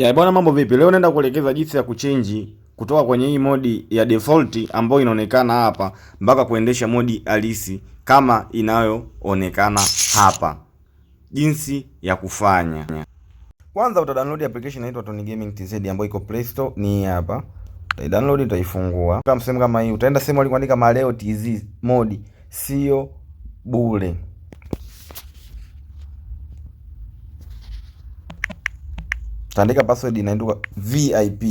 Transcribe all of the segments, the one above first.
Ya bwana, mambo vipi? Leo naenda kuelekeza jinsi ya kuchenji kutoka kwenye hii modi ya default ambayo inaonekana hapa mpaka kuendesha modi halisi kama inayoonekana hapa. Jinsi ya kufanya. Kwanza uta download application inaitwa Tony Gaming TZ ambayo iko Play Store ni hapa. Uta download utaifungua. Kama sehemu kama hii utaenda sehemu alikuandika maleo TZ modi sio bure. utaandika password inaitwa VIP.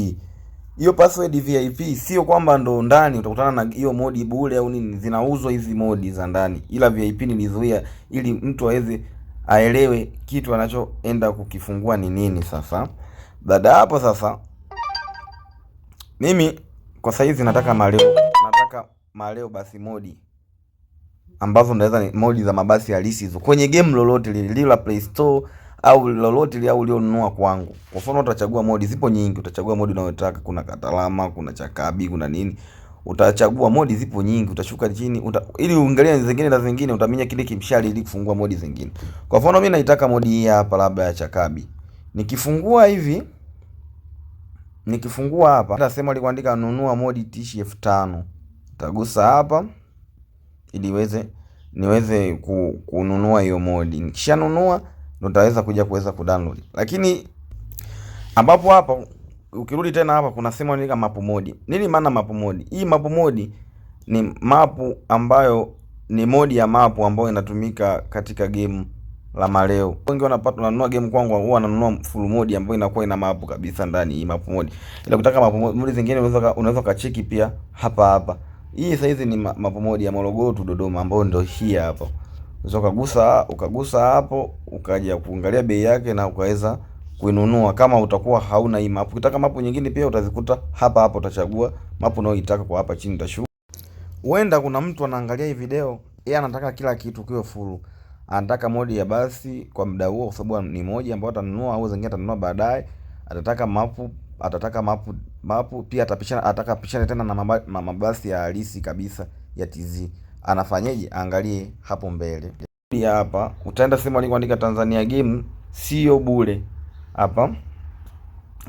Hiyo password VIP sio kwamba ndo ndani utakutana na hiyo modi bure au nini, zinauzwa hizi modi za ndani, ila VIP nilizuia ili mtu aweze aelewe kitu anachoenda kukifungua ni nini. Sasa baada hapo, sasa mimi kwa saizi nataka maleo, nataka maleo basi modi ambazo ndaweza ni modi za mabasi halisi hizo kwenye game lolote lile la Play Store au lolote ile au ulionunua kwangu. Kwa mfano utachagua modi, zipo nyingi, utachagua modi unayotaka. Kuna Katalama, kuna Chakabi, kuna nini, utachagua modi, zipo nyingi. Utashuka chini uta, ili uangalie zingine na zingine, utaminya kile kimshale ili kufungua modi zingine. Kwa mfano mimi naitaka modi hii hapa, labda ya Chakabi. Nikifungua hivi, nikifungua hapa, nasema alikuandika nunua modi tishi elfu tano. Tagusa hapa ili niweze niweze kununua hiyo modi. Nikishanunua ndo nitaweza kuja kuweza kudownload. Lakini ambapo hapa ukirudi tena hapa kuna sehemu inaitwa map mode. Nini maana map mode? Hii map mode ni mapu ambayo ni modi ya mapu ambayo inatumika katika game la maleo. Wengi wanapata wananunua game kwangu huwa wananunua full modi ambayo inakuwa ina mapu kabisa ndani hii map mode. Ila kutaka map mode zingine unaweza unaweza kacheki pia hapa hapa. Hii saizi ni map mode ya Morogoro tu Dodoma ambayo ndio hii hapa unaweza ukagusa ukagusa hapo ukaja kuangalia bei yake na ukaweza kuinunua kama utakuwa hauna hii mapu. Ukitaka mapu nyingine pia utazikuta hapa hapo, utachagua mapu unayoitaka kwa hapa chini utashuka. Huenda kuna mtu anaangalia hii video, yeye anataka kila kitu kiwe full. Anataka modi ya basi kwa muda huo, kwa sababu ni moja ambayo atanunua au zingine atanunua baadaye. Atataka mapu, atataka mapu, mapu pia atapishana, ataka pishane tena na mabasi ya halisi kabisa ya TZ anafanyeje, angalie hapo mbele hapa. Utaenda sehemu alikuandika Tanzania game, sio bure. Hapa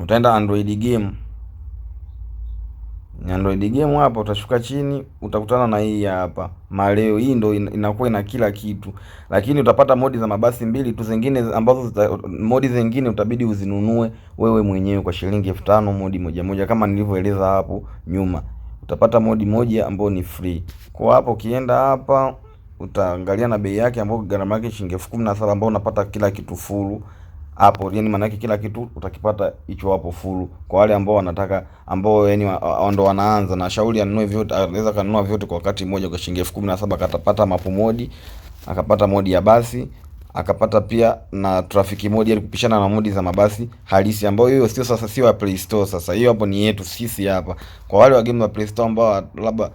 utaenda Android game, Android game hapa utashuka chini, utakutana na hii hapa maleo. Hii ndo inakuwa ina kila kitu, lakini utapata modi za mabasi mbili tu, zingine ambazo zita, modi zingine utabidi uzinunue wewe mwenyewe kwa shilingi elfu tano modi moja moja, kama nilivyoeleza hapo nyuma utapata modi moja ambayo ni free. Kwa hapo ukienda hapa utaangalia na bei yake ambayo gharama yake shilingi elfu kumi na saba ambayo unapata kila kitu full hapo, yani maana yake kila kitu utakipata hicho hapo full. Kwa wale ambao wanataka ambao yani ndo wanaanza na shauri anunue vyote, anaweza kanunua vyote kwa wakati mmoja kwa shilingi elfu kumi na saba akatapata mapo modi akapata modi ya basi akapata pia na trafiki modi ili kupishana na modi za mabasi halisi, ambayo hiyo sio sasa, sio ya Play Store. Sasa hiyo hapo ni yetu sisi hapa, kwa wale wa game wa Play Store ambao labda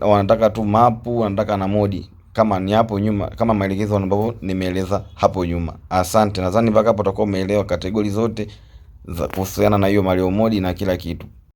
wanataka tu mapu, wanataka na modi kama ni hapo nyuma, kama maelekezo ambayo nimeeleza hapo nyuma. Asante, nadhani mpaka hapo utakuwa umeelewa kategori zote za kuhusiana na hiyo Mario modi na kila kitu.